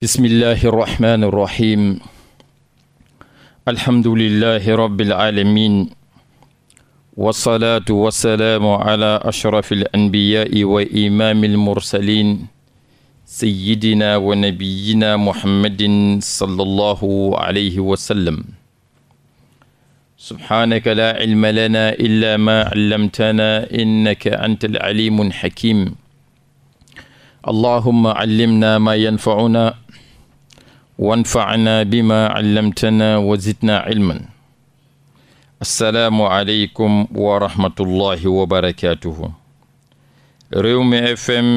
bismillahi irrahmani irrahim alhamdulilahi rabiilalamin walsalaatu wassalaamu ala ashrafi alanbiyaai wa imaami almursalin sayidina wa nabiyina muhammadin sala allahu alayhi wasallam subhaanaka laa cilma lana illa ma callamtana innaka anta alcalimu alxakim allahuma callimna ma yanfacuna wanfacnaa bimaa callamtanaa wa zidnaa cilman asalaamu aleykum wa rahmatullahi wa barakaatuhu Rewmi FM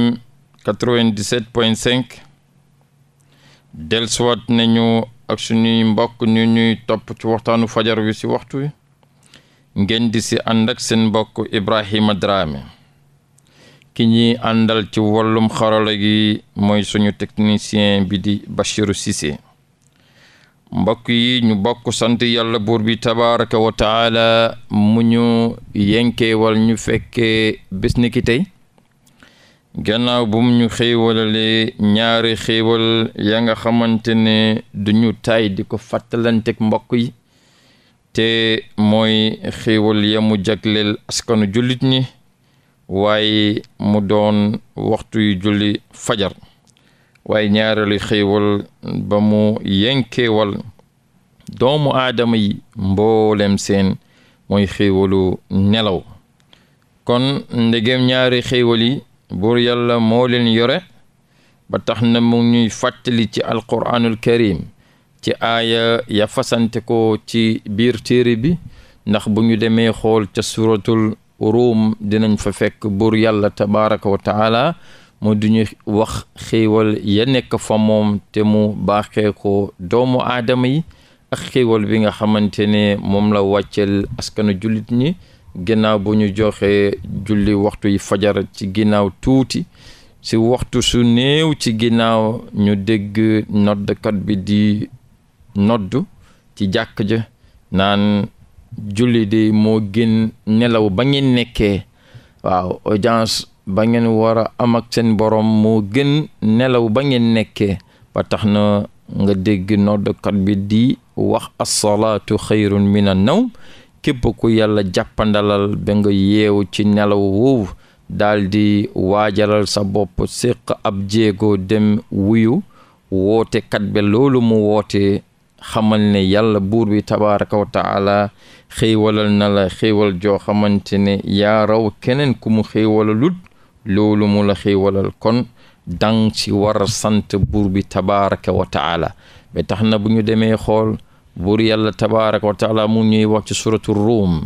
97.5 dellusiwaat mbokk ñuy topp ci waxtaanu fajar wi ci waxtu ngeen di ci ànd seen mbokk Ibrahima Dramé ki ñuy àndal ci wàllum xarala gi mooy suñu technicien bi di Bachirou Cissé mbokk yi ñu bokk sant yàlla buur bi tabaraka mu ñu yenkeewal ñu fekkee bés ni gannaaw bu ñu xéewalalee ñaari xéewal ya nga xamante ne duñu tay di ko fàttalanteeg mbokk yi te mooy xéewal yamu mu jagleel askanu jullit ñi waaye mu doon waxtuyu julli fajar waaye ñaareelu xéewal ba mu yenkeewal doomu aadama yi mboolem seen mooy xéewalu nelaw kon ndegem ñaari xéewal yi buur yàlla moo leen yore ba tax na mu ñuy fàttali ci alquraanul karim ci aaya ya fasante ko ci biir téere bi ndax bu ñu demee xool ca suratul ruum dinañ fa fekk buur yàlla tabaraka wa moo mu duñu wax xéewal ya nekk fa moom te mu baaxee ko doomu aadama yi ak xéewal bi nga xamante ne moom la wàcceel askanu jullit ñi ginnaaw bu ñu joxee julli waxtu yi fajar ci ginnaaw tuuti si waxtu su néew ci ginnaaw ñu dégg noddkat bi di nodd ci jàkk ja naan julli di moo gën nelaw ba ngeen nekkee waaw audience ba ngeen wara am ak seen boroom moo gën nelaw ba ngeen nekkee ba tax na nga dégg noddkat bi di wax asalaatu xayrun min an naw képp ku yàlla jàppandalal ba nga yeewu ci nelaw woowu daldi di waajalal sa bopp séq ab jéego dem wuyu woote kat be loolu mu woote xamal ne yàlla buur bi tabaraka wa xéewalal na la xéewal joo xamante ne yaa keneen ku mu xéewalalut loolu mu la xéewalal kon dang si war a sant buur bi tabaraka wa taala tax na bu ñu demee xool buur yàlla tabaraka wa taala mu ñuy wax ci suratu ruum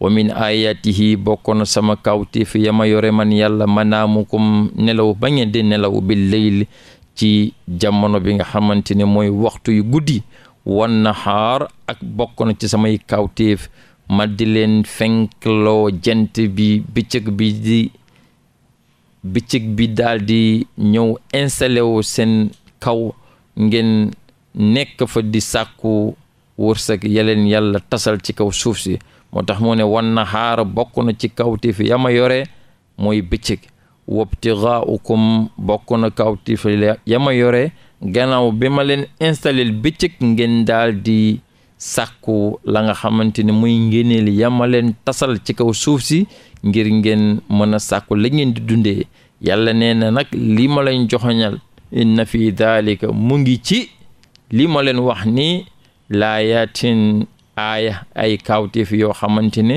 wa min ayatihi bokkoon sama kawti fi yama yore man yàlla manaamukum nelaw ba ngeen di nelaw bi ci jamono bi nga xamante ne mooy waxtu yu guddi wan nahaar ak bokk na ci samay kawtéef ma di leen fenkloo jant bi bëccëg bi di bëccëg bi daal di ñëw installé wu seen kaw ngeen nekk fa di sàkku wërsëg yeleen yàlla tasal ci kaw suuf si moo tax moo ne wan nahaar bokk na ci kawtéef ya ma yore mooy bëccëg wabtigaaukum bokk na kawtéef ya yore gannaaw bi ma leen installé bëccëg ngeen daal di sàkku la nga xamante ne muy ngéneel ya ma tasal ci kaw suuf si ngir ngeen mën a sàkku la ngeen di dundee yàlla nee na nag li ma leen joxoñal inna fi daalika mu ngi ci li ma leen wax ni laayatin aaya ay kawteef yoo xamante ne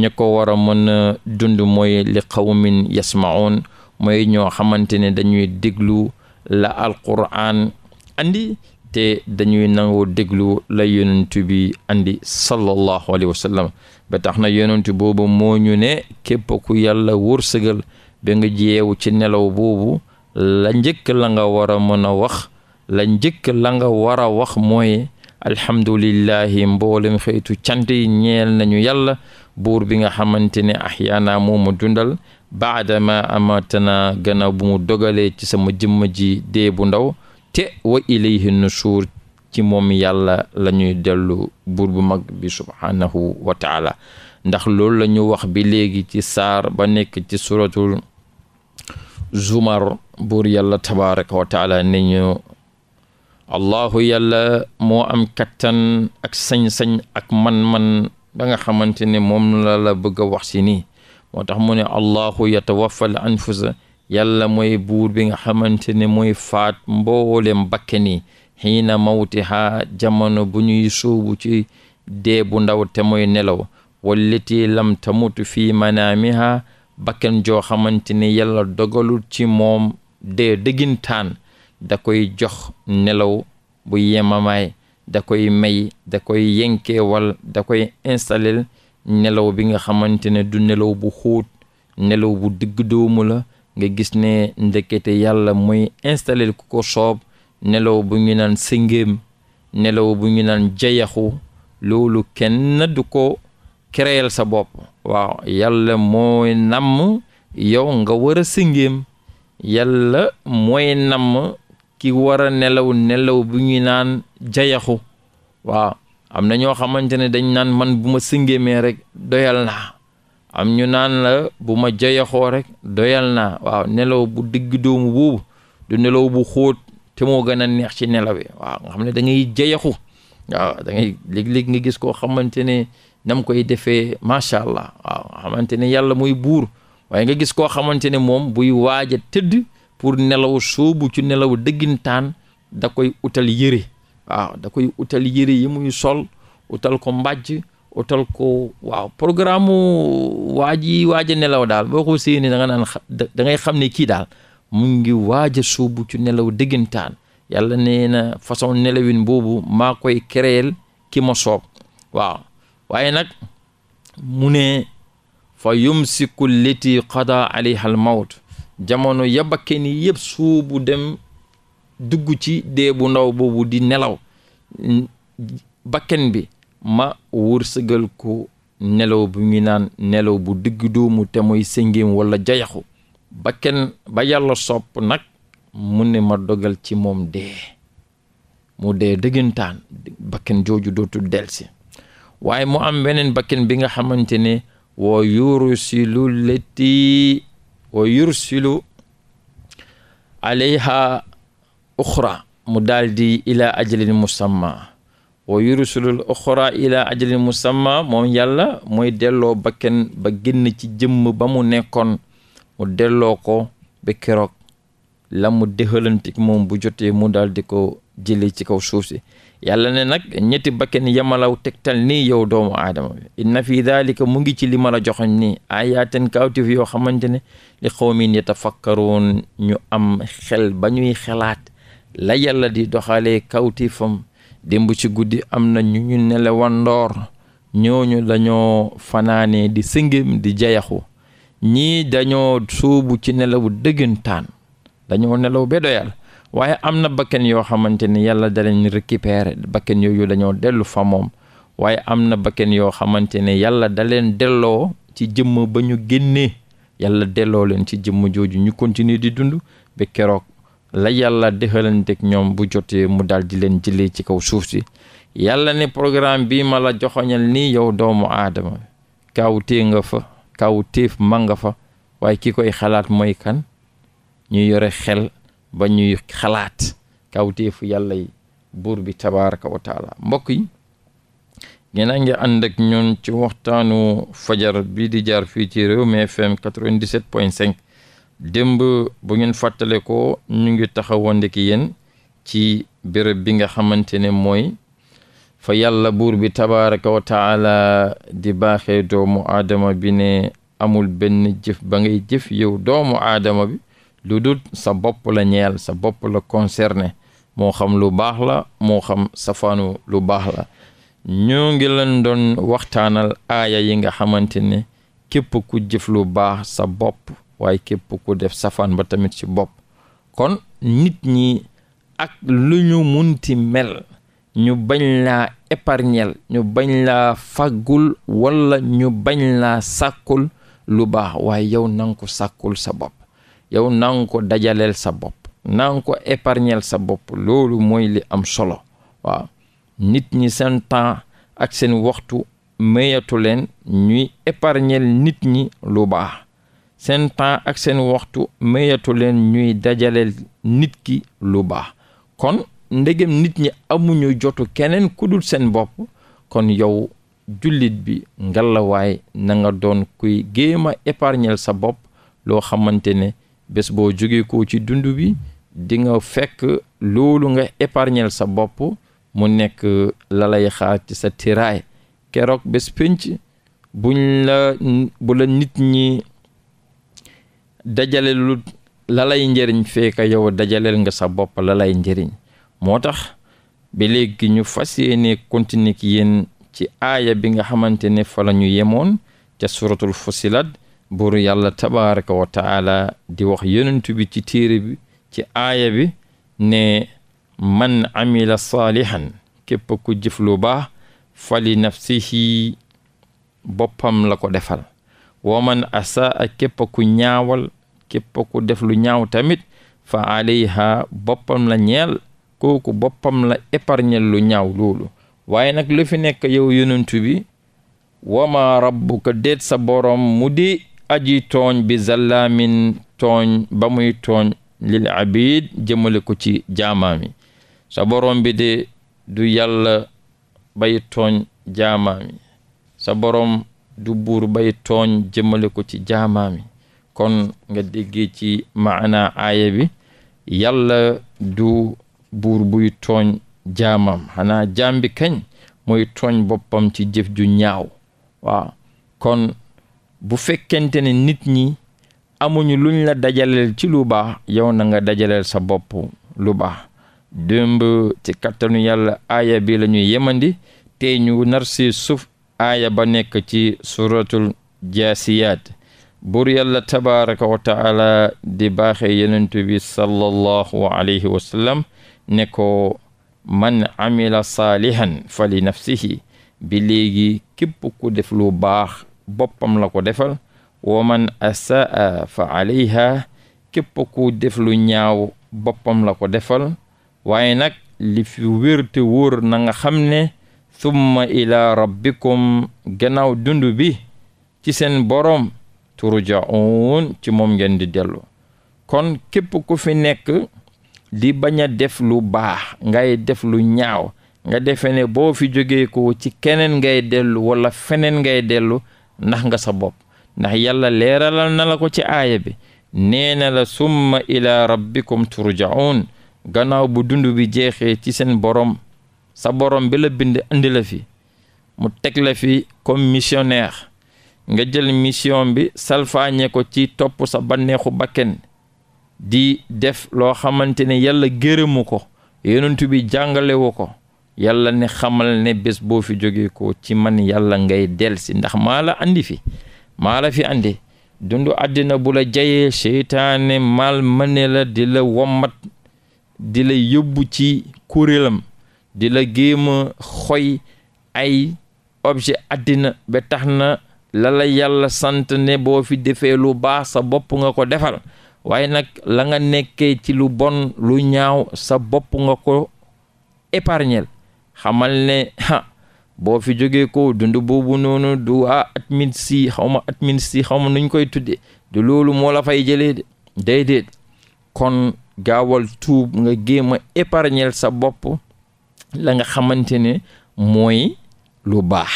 ña ko war a mën a dund mooy li qawmin yasmaun mooy ñoo xamante ne dañuy déglu la alquran andi te dañuy nangu déglu la yonent bi andi sallallahu alayhi wa sallam ba tax na yonent boobu moo ñu ne képp ku yàlla wërsëgal ba nga jeewu ci nelaw boobu la njëkk la nga war mën a wax la njëkk la nga war a wax mooy alhamdulillahi mboolem xeetu cant yi ñeel nañu yàlla buur bi nga xamante ne ahyaana moomu dundal baadama amatana gannaaw bu mu dogalee ci sama jëmm ji dee bu ndaw te wa ilayhi nusuur ci moom yàlla lañuy dellu buur bu mag bi subhaanahu wa ndax loolu la ñu wax bi léegi ci saar ba nekk ci suratul zumar buur yàlla tabaraka wa taala ñu allahu yàlla moo am kattan ak sañ-sañ ak man-man ba nga xamante ne moom la la bëgg a wax si nii moo tax mu ne allahu yatawaffal anfusa yàlla mooy buur bi nga xamante ne mooy faat mboolem bakken yi xiina mawtiha jamono bu ñuy sóobu ci dee bu ndaw te mooy nelaw wallati lam tamutu fii manaamiha bakkan joo xamante ne yàlla dogalul ci moom dee dëggintaan da koy jox nelaw bu yemamaay da koy may da koy yenkeewal da koy installel nelaw bi nga xamante ne du nelaw bu xóot nelaw bu digg doomu la nga gis ne ndekete yàlla mooy installé ku ko soob nelaw bu ngi naan sëngéem nelaw bu ngi naan jayaxu loolu kenn du ko créer sa bopp waaw yàlla mooy namm yow nga war a sëngéem yàlla mooy namm ki war a nelaw nelaw bu ngi naan jayaxu waaw am na ñoo xamante ne dañ naan man bu ma sëngéemee rek doyal naa am ñu naan la bu ma jayaxoo rek doyal naa waaw nelaw bu digg doomu boobu du nelaw bu xóot te moo gën a neex ci nelaw yi waaw nga xam ne da ngay da ngay nga gis koo xamante ne nam koy defee macha allah xamante ne yàlla muy buur waaye nga gis koo xamante ne moom buy waaj a tëdd pour nelaw soobu ci nelaw dëggintaan da koy utal yére waaw da koy utal yére yi muy sol utal ko mbàjj utal ko waaw programme waaj yi waaj a nelaw daal boo ko séenee danga naan dangay xam ne kii daal mu ngi waaj a sóobu ci nelaw dëggantaan yàlla nee na façon nelawin boobu maa koy créer ki ma soob waaw waaye nag mu ne fa yumsiku lati qada alayha al mawt jamono ya bakke ni yëpp suubu dem dugg ci dee bu ndaw boobu di nelaw bakken bi ma wërsëgal ko nelaw bu ñu naan nelaw bu digg doomu te mooy sëngéem wala jayaxu bakken ba yàlla sopp nag mu ne ma dogal ci moom dee mu dee dëggantaan bakken jooju dootul delsi waaye mu am beneen bakken bi nga xamante ne wa yursilu letti wa yursilu alayha uxra mu daal di ila ajalin musamma wa yurusulul uxra ila ajalin musamma moom yàlla mooy delloo bakken ba génn ci jëmm ba mu nekkoon mu delloo ko ba keroog la mu moom bu jotee mu daal di ko jëlee ci kaw suuf si yàlla ne nag ñetti bakken yamalaw tegtal ni yow doomu aadama bi inna fi daalika mu ngi ci li ma la joxoñ nii ayaten kawtif yoo xamante ne li xawmin yatafakkaroon ñu am xel ba ñuy xelaat la yàlla di doxalee kawtifam démb ci guddi am na ñu ñu nelewan ndoor ñooñu dañoo fanaanee di sëngim di jayaxu ñii dañoo sóobu ci nelaw dëggantaan dañoo nelaw ba waaye am na bakken yoo xamante ni yàlla da leen dañoo dellu fa moom waaye am na bakken yoo xamante ne yàlla da leen delloo ci jëmm ba ñu génnee yàlla delloo leen ci jëmm jooju ñu continuer di dund ba keroog la yàlla dexalanteeg ñoom bu jotee mu dal di leen jëlee ci kaw suuf si yàlla ne programme bi ma la joxoñal nii yow doomu aadama kaw nga fa kaw téef ma nga fa waaye ki koy xalaat mooy kan ñuy yore xel ba ñuy xalaat kaw téefu yàlla buur bi tabaraka wa mbokk yi ngeen ngi ànd ak ñun ci waxtaanu fajar bi di jaar fii ci Rewmi FM 97.5 démb bu ngeen fàttale ko ñu ngi taxawande ki yéen ci béréb bi nga xamante ne mooy fa yàlla buur bi tabaraka wa taala di baaxe doomu aadama bi ne amul benn jëf ba ngay jëf yow doomu aadama bi lu dul sa bopp la ñeel sa bopp la concerné moo xam lu baax la moo xam safaanu lu baax la ñoo ngi leen doon waxtaanal aaya yi nga xamante ne képp ku jëf lu baax sa bopp waaye képp ku def safaan ba tamit ci bopp kon nit ñi ak lu ñu munti mel ñu bañ laa épargnel ñu bañ laa faggul walla ñu bañ laa sàkkul lu baax waaye yow nanga ko sàkkul sa bopp yow nanga ko dajaleel sa bopp nanga ko épargnel sa bopp loolu mooy li am solo waaw nit ñi seen temps ak seen waxtu mayatu leen ñuy épargnel nit ñi lu baax seen temps ak seen waxtu mayatu leen ñuy dajale nit ki lu baax kon ndegem nit ñi amuñu jotu keneen ku dul seen bopp kon yow jullit bi ngalawaay nanga doon kuy géem a épargnel sa bopp loo xamante ne bés boo jógee ko ci dund bi dinga fekk loolu nga épargnel sa bopp mu nekk lalay lay xaar ci sa tiraay keroog bés pénc bu la nit ñi dajale lu njëriñ feeka yow dajaleel nga sa bopp la lay moo tax ba léegi ñu fas yéene continuer ki yéen ci aaya bi nga xamante ne fala ñu yemoon ca suratul fusilat buur yàlla tabaraka wa di wax yonentu ci téere bi ci aaya bi ne man amila saalihan képp ku jëf lu baax fali nafsihi boppam la ko defal waman asaa képp ku ñaawal képp ku def lu ñaaw tamit fa alayha boppam la ñeel kooku boppam la épargnel lu ñaaw loolu waaye nag lu fi nekk yow yonentu bi wama rabbuka déet sa borom mu di aji tooñ bi zallaamin tooñ ba muy tooñ lil abid jëmale ko ci jaamaami sa borom bi de du yàlla bay tooñ jaamaami du buur bay tooñ jëmale ko ci jaamaami kon nga déggee ci maana aaya bi yàlla du buur buy tooñ jaamam xanaa jaam kañ mooy tooñ boppam ci jëf ju ñaaw waaw kon bu fekkente ne nit ñi amuñu luñ la dajaleel ci lu baax yow na nga dajaleel sa bopp lu baax démb ci kattanu yàlla aaya bi la ñuy yemandi te ñu nar aaya ba nekk ci suratul jaasiyaat buur yàlla tabaraka wa taala di baaxe yenent bi sallallahu alayhi wa ne ko man amila saalihan fali nafsihi bi léegi képp ku def lu baax boppam la ko defal wa man asaa fa alayha képp ku def lu ñaaw boppam la ko defal waaye li fi wér te wóor xam ne thumma ila rabbikum gannaaw dund bi ci seen boroom turja'un ci moom ngeen di dellu kon képp ku fi nekk di bañ a def lu baax ngay def lu ñaaw nga defe ne boo fi jógee ko ci keneen ngay dellu walla feneen ngay dellu ndax nga sa bopp ndax yàlla leeralal na la ko ci aaya bi nee na la summa ila rabbikum turja'un gannaaw bu dund jeexee ci seen boroom sa borom bi la bind indi la fi mu teg la fi comme missionnaire nga jël mission bi salfaañe ko ci topp sa banneexu bakken di def loo xamante ne yàlla gërëmu ko yonent bi jàngalewu ko yàlla ne xamal ne bés boo fi jógee ko ci man yàlla ngay delsi ndax maala la andi fi maa la fi andi dundu àddina bu la jayee seytaane mal mëne la di la wommat di la yóbbu ci kuréelam di la géem xoy ay objet àddina ba tax na la la yàlla sant ne boo fi defee lu baax sa bopp nga ko defal waaye nag la nga nekkee ci lu bon lu ñaaw sa bopp nga ko épargnel xamal ne ha boo fi jógee ko dund boobu noonu du ah at min si xaw nuñ koy tudde du loolu moo la fay jëlee de déedéet kon gaawal tuub nga géem a épargnel sa bopp la nga xamante ne mooy lu baax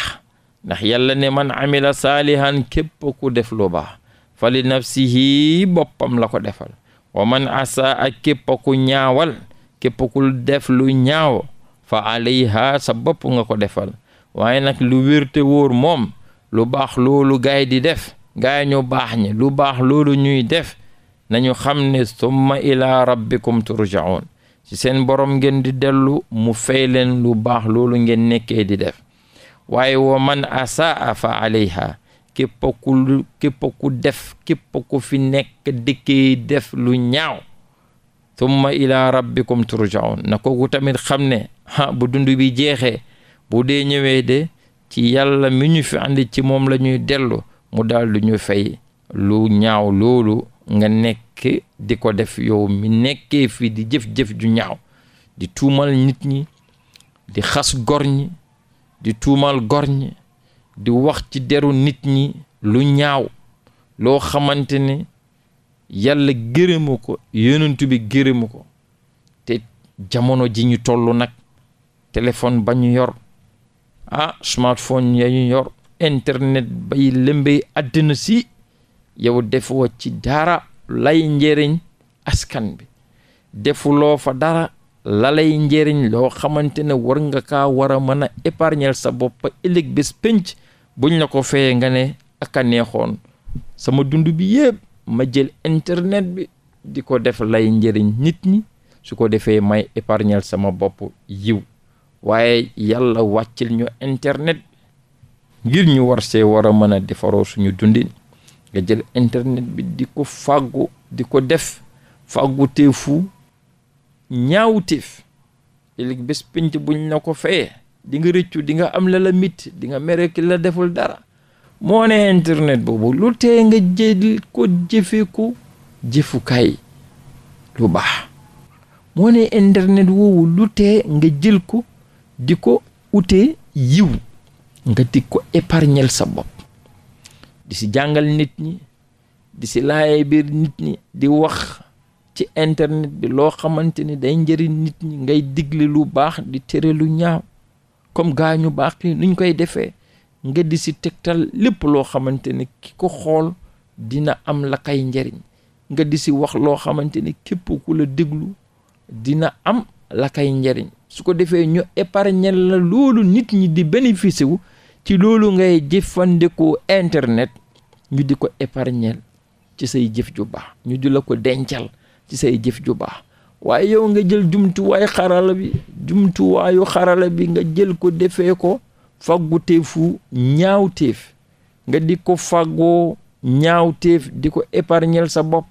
ndax yàlla ne man amila saalihan képp ku def lu baax fali nafsihi boppam la ko defal wa man asa ak képp ku ñaawal képp ku def lu ñaaw fa alayha sa bopp nga ko defal waaye nag lu wérte wóor moom lu baax loolu gaay def gaay baax ñi lu baax loolu ñuy def nañu xam ne summa ila rabbikum turjaun ci seen borom ngeen di dellu mu fay leen lu baax loolu ngeen nekkee di def waaye woo man asaa fa alayha képp ku képp ku def képp ku fi nekk dëkkee def lu ñaaw thumma ila rabbikum turjaun na kooku tamit xam ne ha bu dund bi jeexee bu dee ñëwee de ci yàlla mi ñu fi andi ci moom la ñuy dellu mu daal du ñu fay lu ñaaw loolu nga nekk di ko def yow mi nekkee fii di jëf-jëf ju ñaaw di tuumal nit ñi di xas gor ñi di tuumal gor ñi di wax ci deru nit ñi lu ñaaw loo xamante ne yàlla gërëmu ko yonent bi gërëmu ko te jamono ji ñu toll nag téléphone ba ñu yor ah smartphone ya ñu yor internet bay lëmbey àddina si yow defoo ci dara lay njëriñ askan bi defuloo fa dara lalay njëriñ loo xamante ne war nga kaa war a mën a épargner sa bopp ëllëg bés pénc buñ la ko feyee nga ne ak neexoon sama dund bi yépp ma jël internet bi di ko def lay njëriñ nit ñi su ko defee may épargner sama bopp yiw waaye yàlla wàccil ñu internet ngir ñu war see war a mën a defaroo suñu dundin nga jël internet bi di ko fàggu di ko def fàggu teefu ñaaw teef léegi bés pénc buñ na ko fayee dinga rëccu di nga am lala la mit di nga mere la deful dara moo ne internet boobu lu tee nga jël ko jëfe ko jëfukaay lu baax moo ne internet woowu lu tee nga jël ko di ko utee yiw nga di ko épargnel sa bopp di si jàngal nit ñi di si laayee biir nit ñi di wax ci internet bi loo xamante ni day njëriñ nit ñi ngay digle lu baax di tere lu ñaaw comme gaañu baax ni nuñ koy defee nga di si tegtal lépp loo xamante ni ki ko xool dina am la kay njëriñ nga di si wax loo xamante ni képp ku la déglu dina am la kay njëriñ su ko defee ñu épargnel la loolu nit ñi di bénéficier wu ci loolu ngay jëfandikoo internet ñu di ko épargnel ci say jëf ju baax ñu di la ko dencal ci say jëf ju baax waaye yow nga jël xarala bi jumtuwaayu xarala bi nga jël ko defee ko fagguteefu ñaawteef nga di ko faggoo ñaawteef di ko épargnel sa bopp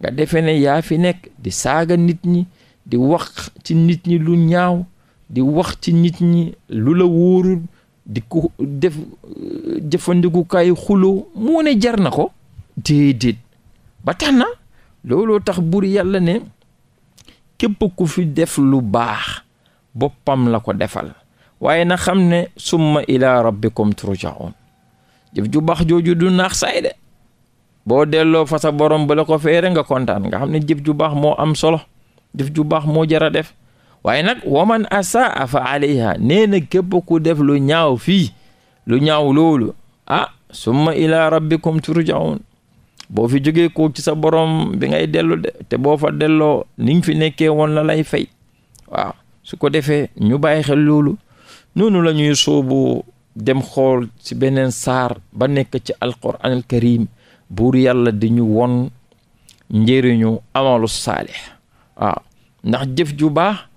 nga defe ne yaa fi nekk di saaga nit ñi di wax ci nit ñi lu ñaaw di wax ci nit ñi lu la wóorul di ko def jëfandikukaayu xuloo moo ne jar na ko déedéet ba tax na looloo tax buur yàlla ne képp ku fi def lu baax boppam la ko defal waaye na xam ne summa ila rabbikum turjaun jëf ju baax jooju du naax saay de boo delloo fa sa borom ba la ko feere nga kontaan nga xam ne jëf ju baax moo am solo jëf ju baax moo jara def waaye nag waman asaa fa alayha nee na képp ku def lu ñaaw fii lu ñaaw loolu ah summa ila rabbikum turjaun boo fi jógee ko ci sa borom bi ngay dellu de te boo fa delloo ni fi nekkee woon la lay fay waaw su ko defee ñu bàyyi xel loolu noonu la ñuy soobu dem xool ci beneen saar ba nekk ci alquran al karim buur yàlla di ñu won njëriñu amalu saalix waaw ndax jëf ju baax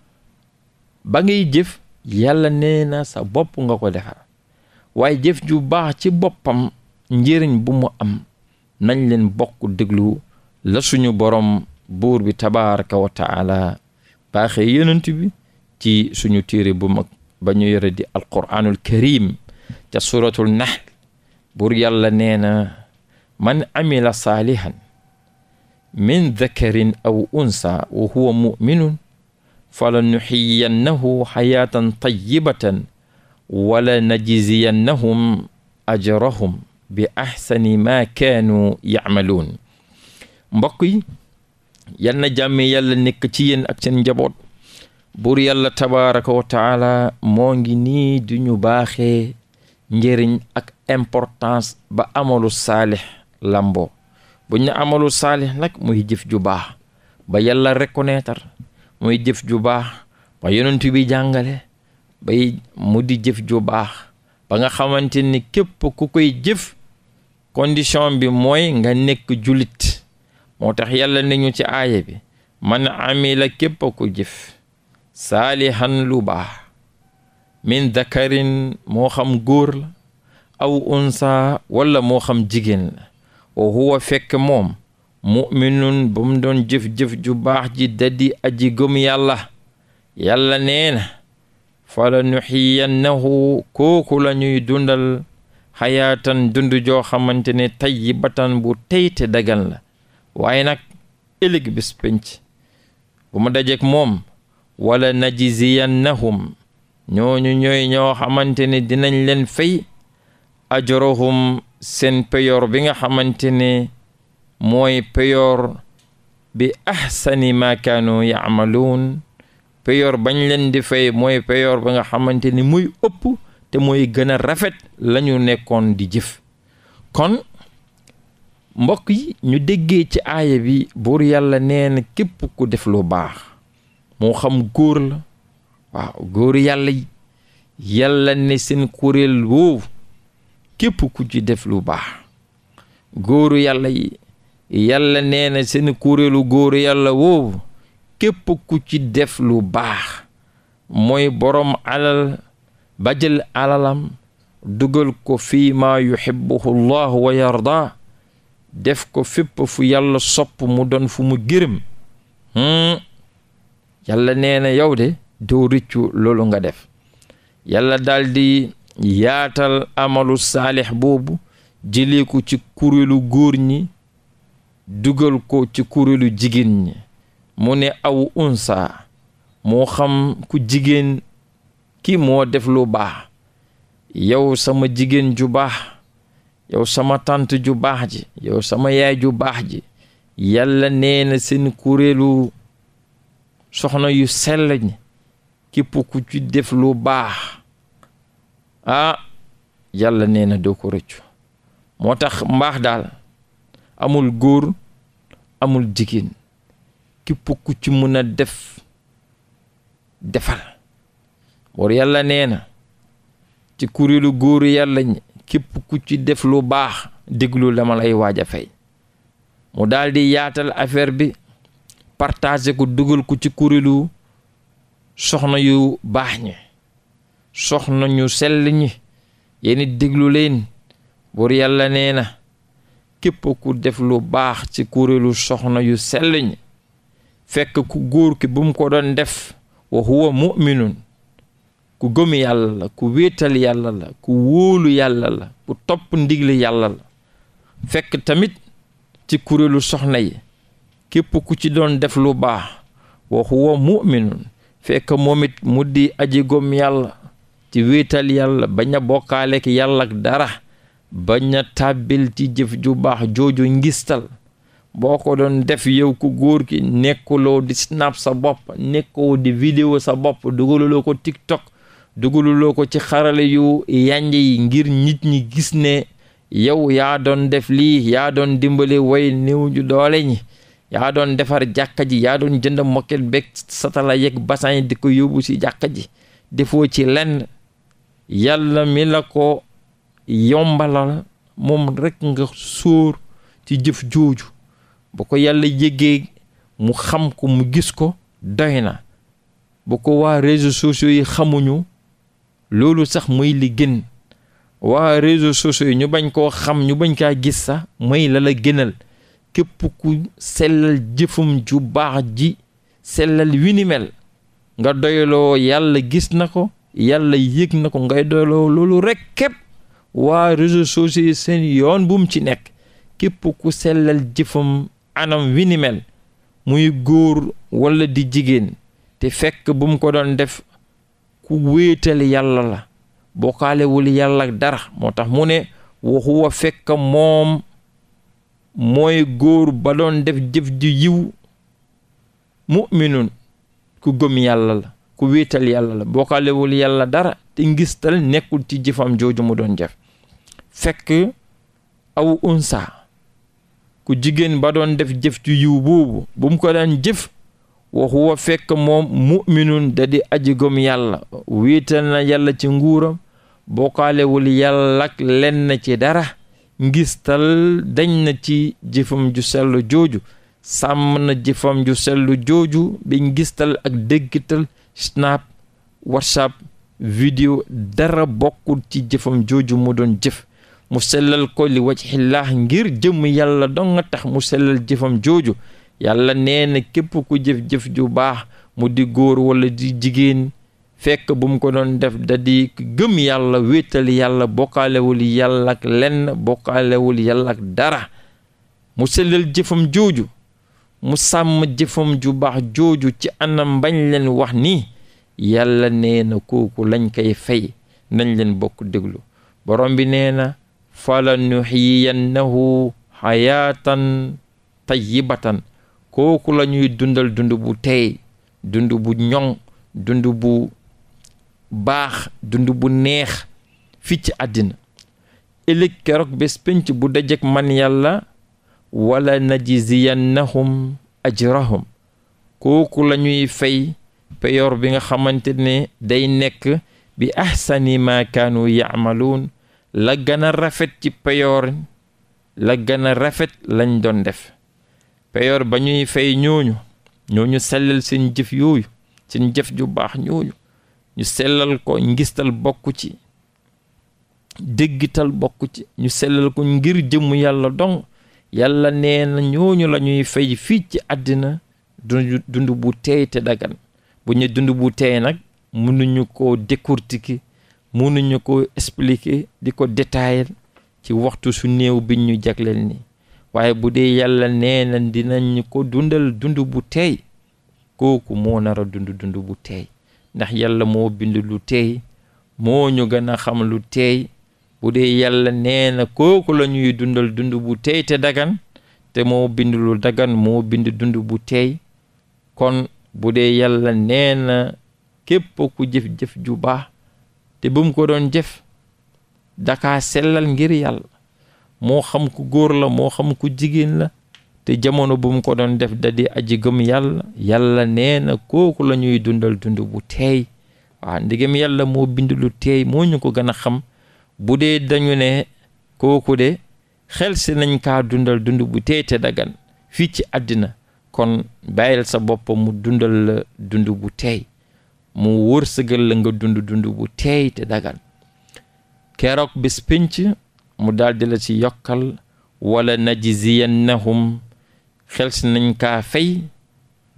ba jëf yàlla nee na sa bopp nga ko defar waaye jëf ju baax ci boppam njëriñ bu mu am nañ leen bokk déglu la suñu borom buur bi tabaraka wa taala baaxee yonent bi ci suñu téere bu mag ba ñu yore di alquraanul karim ca suratul nahl buur yàlla neena man amila saalihan min dakarin aw unsa wa huwa muminun fala nuxiyannahu xayaatan tayibatan wala najziyannahum ajrahum bi axsani ma kaanu yacmaluun mbokk yi yal na jàmme yàlla nekk ci yéen ak seen njaboot buur yàlla tabaraka moo ngi nii du ñu baaxee njëriñ ak importance ba amalu saalix lamboo bu ñu amalu saalix nag muy jëf ju baax ba yàlla reconnaître mooy jëf ju baax ba yonent bi jàngale bay mu di jëf ju baax ba nga xamante ni képp ku koy jëf condition bi mooy nga nekk jullit moo tax yàlla nañu ci aaya bi man amila képp ku jëf saalihan lu baax min dakarin moo xam góor la aw unsa wala moo xam jigéen la wa huwa fekk moom muminun ba doon jëf-jëf ju baax ji dadi aji gëm yàlla yàlla nee na fala nuxiyannahu kooku la ñuy dundal xayaatan dund joo xamante ne tayyibatan bu teyte dagan la waaye nag ëllëg bis penc bu ma dajeek moom wala najziyannahum ñooñu ñooy ñoo xamante ne dinañ leen fay ajrohum seen peyor bi nga xamante ne mooy peyor bi ahsani ma kaanu yaamaluun peyor bañ leen di fay mooy peyor ba nga xamante ni muy ëpp te mooy gën a rafet lañu nekkoon di jëf kon mbokk yi ñu déggee ci aaya bi buur yàlla nee na képp ku def lu baax moo xam góor la waaw góor yàlla yi yàlla ne seen kuréel woowu képp ku ci def lu baax góoru yàlla yi yàlla nee na seen kuréelu góor yàlla woowu képp ku ci def lu baax mooy boroom alal ba jël alalam dugal ko fii maa yuhibbuhu llah wa yarda def ko fépp fu yàlla sopp mu doon fu mu gërëm hmm? yàlla nee na yow de doo lolu nga def yàlla daldi yaatal amalu saalix boobu jëlee ci kuréelu góor ñi dugal ko ci kuréelu jigéen ñi mu ne aw unsa moo xam ku jigéen ki moo def lu baax yow sama jigéen ju baax yow sama tànt ju baax ji yow sama yaay ju baax ji yàlla nee na seen kuréelu soxna yu sell ñi képp ku ci def lu baax ah yàlla nee na doo ko rëccu moo tax mbaax daal amul góor amul jigéen képp ku ci mun a def defal war yàlla neena ci kuréelu góoru yàlla ñi képp ku ci def lu baax déglu dama lay waaj a fay mu daldi yaatal affaire bi partager ko dugal ko ci kuréelu soxna yu baax ñi soxna ñu sell ñi yéen it déglu leen buur yàlla nee na képp ku def lu baax ci kuréelu soxna yu sell ñi fekk ku góor ki bu mu ko doon def wa huwa muminun ku gëm yàlla la ku wéetal yàlla la ku wóolu yàlla la ku topp ndigli yàlla la fekk tamit ci kuréelu soxna yi képp ku ci doon def lu baax wa huwa muminun fekk moom mu di aji gëm yàlla ci wéetal yàlla bañ a yàlla dara bañ a tàbbil ci jëf ju baax jooju ngistal boo ko doon def yow ku góor ki nekkuloo di snap sa bopp nekkuloo di video sa bopp dugaluloo ko tiktok dugaluloo ko ci xarale yu yànj yi ngir nit ñi gis ne yow yaa doon def lii yaa doon dimbali way néew ju doole ñi yaa doon defar jàkka ji yaa doon jënd mokket beeg satala yeeg basan yi di ko yóbbu si jàkka ji defoo ci lenn yàlla mi la ko yombalal moom rekk nga sóor ci jëf jooju bu ko yàlla yëgee mu xam ko mu gis ko doy na bu ko waa réseaux sociaux yi xamuñu loolu sax muy li gën waa réseaux sociaux yi ñu bañ koo xam ñu bañ kaa gis sax mooy la la gënal képp ku sellal jëfum ju baax ji sellal wi nga doyloo yàlla gis na ko yàlla yëg na ko ngay doyloo loolu rekk képp waa réseau sociaux yi seen yoon bu ci nekk képp ku sellal jëfam anam wi muy góor walla di jigéen te fekk bu mu ko doon def ku wéetal yàlla la bokkaalewul yàlla dara moo tax mu ne waxuwa fekk moom mooy góor ba doon def jëf ji yiw mu'minun ku gëm yàlla la ku wéetal yàlla la bokkaalewul yàlla dara te ngistal nekkul ci jëfam jooju mu doon jëf fekk aw unsa ku jigéen ba doon def jëf ju yiw boobu ko daan jëf wa huwa fekk moom muminun da di aji yàlla wiital na yàlla ci nguuram bokalewul yàlla ak lenn ci dara ngistal dañ na ci jëfam ju sellu jooju sàmm na jëfam ju sellu jooju bi ngistal ak déggital snap whatsapp vidéo dara bokkul ci jëfam jooju mu doon jëf mu sellal ko li wajhillah ngir jëmm yàlla dong nga tax mu sellal jëfam jooju yàlla nee na képp ku jëf-jëf ju baax mu di góor walla di jigéen fekk bu mu ko doon def da di gëm yàlla wéetal yàlla bokkaalewul yàlla ak lenn bokkaalewul yàlla ak dara mu sellal jëfam jooju mu sàmm jëfam ju baax jooju ci anam bañ leen wax ni yàlla nee na kooku lañ koy fay nañ leen bokk déglu borom bi nee na fala nuxiyannahu xayaatan tayyibatan kooku la ñuy dundal dund bu tey dund ñoŋ dund bu baax dund bu neex fii ci àddina ëllëg keroog bés pénc bu dajeg man yàlla wala najziyannahum ajrahum kooku la ñuy fay peyor bi nga xamante ne day nekk bi ahsani ma kaanu yaamaluun la gën a rafet ci peyoor la gën rafet lañ doon def peyoor ba ñuy fay ñooñu ñooñu sellal seen jëf yooyu seen jëf ju baax ñooñu ñu sellal ko ngistal bokk ci déggital bokk ci ñu sellal ko ngir jëmm yàlla dong yàlla nee na ñooñu la ñuy fii ci àddina dund dund bu teey te dagan bu ñu dund bu teey nag mënuñu ko décortiquer mënuñu ko expliquer di ko détailler ci waxtu su néew bi ñu jagleel ni waaye bu dee yàlla neena na dinañ ko dundal dund bu teey kooku moo nara dund dund bu teey ndax yàlla moo bind lu teey moo ñu gën a xam lu teey bu dee yàlla nee na kooku la ñuy dundal dund bu teey te dagan te moo bind lu dagan moo bind dund bu teey kon bu dee yàlla nee na képp ku jëf-jëf ju baax te ba mu ko doon jëf dakaa sellal ngir yàlla moo xam ku góor la moo xam ku jigéen la te jamono bu mu ko doon def da di aji gëm yàlla yàlla nee na kooku lañuy dundal dund bu teey waaw ndigam yàlla moo bind lu teey moo ñu ko gën a xam bu dee dañu ne kooku de xel si nañ kaa dundal dund bu teey te dagan fii ci àddina kon bàyyil sa boppam mu dundal la dund bu teey mu wërsëgal la nga dund dund bu teey te dagan keroog bis pinc mu daldi la ci yokkal wala najziyannahum xels nañ kaa fay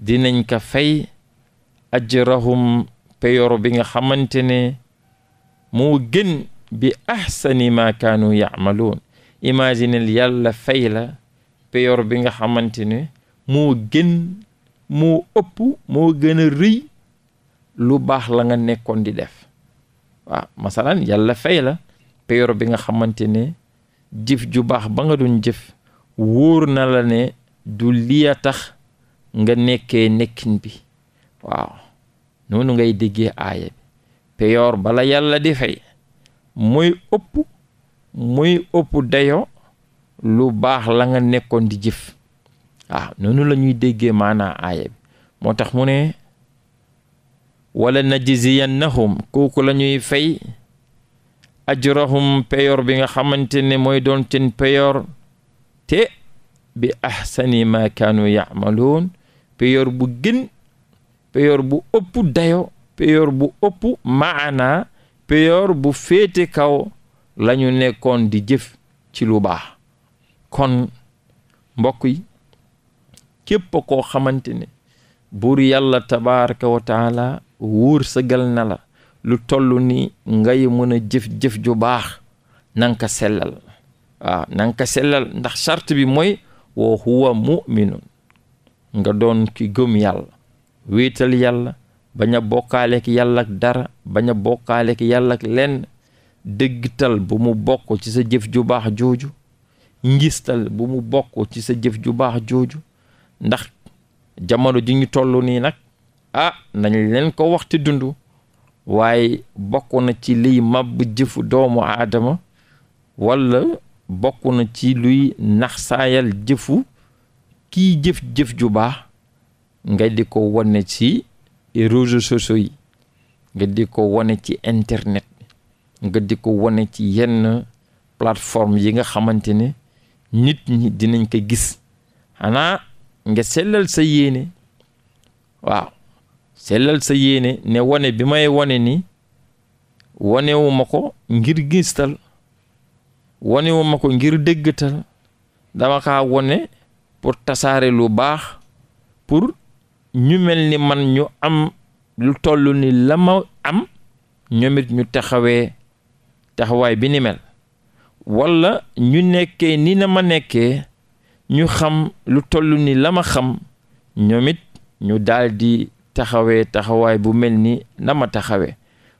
dinañ ka fay ajrahum peyoro bi nga xamante ne moo gën bi ahsani ma kaanu imaginel yàlla fay la peyoro bi nga xamante ne moo gën moo ëpp moo gën a rëy lu baax la nga nekkoon di def waaw masalan yàlla fay la peyor bi nga xamante ne jif ju baax ba nga doon jëf wóor na la ne du liya tax nga nekkee nekkin bi waaw noonu ngay déggee aaya bi peyor bala yàlla di fay mooy ëpp mooy ëpp dayoo lu baax la nga nekkoon di jëf waaw noonu la ñuy déggee maanaa aaya bi moo tax mu ne wala naxum kooku la ñuy fay ajrahum peyor bi nga xamante ne mooy doon ten peyor te bi ahsani ma kaanu yaamaluun peyor bu gën peyor bu ëpp dayo peyor bu ëpp maana peyor bu féete kaw lañu ñu nekkoon di jëf ci lu baax kon mbokk yi képp koo xamante ne yàlla tabaraka wa wóor sagal na la lu toll ni ngay mën a jëf-jëf ju baax nanga ka sellal waaw nanga ka sellal ndax sart bi mooy wa huwa muminun nga doon ki gëm yàlla wéetal yàlla bañ a yàlla ak dara bañ a yàlla ak lenn dëggtal bu mu bokk ci sa jëf ju baax jooju ngistal bu mu bokk ci sa jëf ju baax jooju ndax jamono ji ñu toll nii nag ah nañ leen ko waxti dund waaye bokk na ci liy màbb jëfu doomu aadama walla bokk na ci luy naxsaayal jëfu kii jëf-jëf ju baax nga di ko wane ci réseaux nga di ko wane ci internet nga di ko wane ci yenn platforme yi nga xamante ne nit ñi dinañ ko gis xanaa nga sellal sa yéene waaw sellal sa yéene ne wane bi may wane ni wonewuma ko ngir gistal wonewuma ko ngir déggatal dama kaa wone pour tasaare lu baax pour ñu mel ni man ñu am lu toll ni la ma am ñoomit ñu taxawee taxawaay bi ni mel walla ñu nekkee ni na ma nekkee ñu xam lu toll ni la ma xam ñoomit ñu daldi taxawee taxawaay bu mel ni nama ma taxawee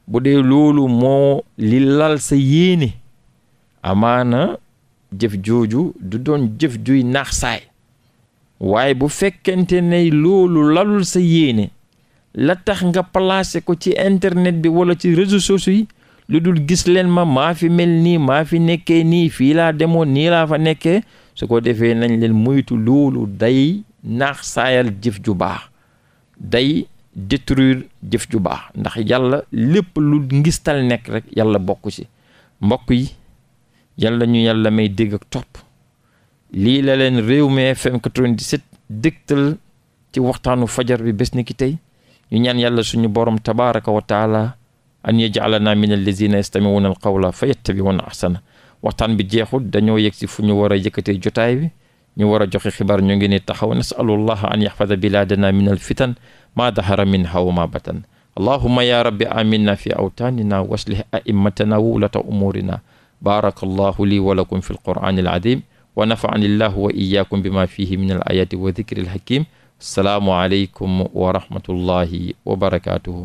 bu dee loolu moo li lal sa yéene amaana jëf jooju du doon jëf juy nax saay waaye bu fekkente ne loolu lalul sa yéene la tax nga placé ko ci internet bi wala ci réseaux sociaux lu dul gis leen ma maa fi mel nii maa fi nekkee nii fii laa demoon nii fa nekkee su ko defee nañ leen moytu loolu day naax saayal jëf ju baax day détruire jëf ju baax ndax yàlla lépp lu ngistal nekk rek yàlla bokk ci mbokk yi yàlla ñu yàlla may dégg ak topp lii la leen réew mi FM 97 dégtal ci waxtaanu fajar bi bés ni ki tey ñu ñaan yàlla suñu borom tabaraka wa taala an yajalana min allazina yastamiuna alqawla fa yattabiuna ahsana waxtaan bi jeexul dañoo yegg si fu ñu war a yëkkatee jotaay bi ñu war a joxe xibaar ñu ngi ni taxaw nasalullah an yaxfada bilaadana min alfitan maa dahara min haw ma batan allahuma ya rabbi aminna fi awtaanina wa aslih aimmatana wa ulata umuurina baaraka allahu lii wa lakum fi alqur'ani alazim wa nafa'ani allahu wa iyaakum bima fihi min alayati wa dikri alhakim assalaamu aleykum wa rahmatullahi wa barakatuhu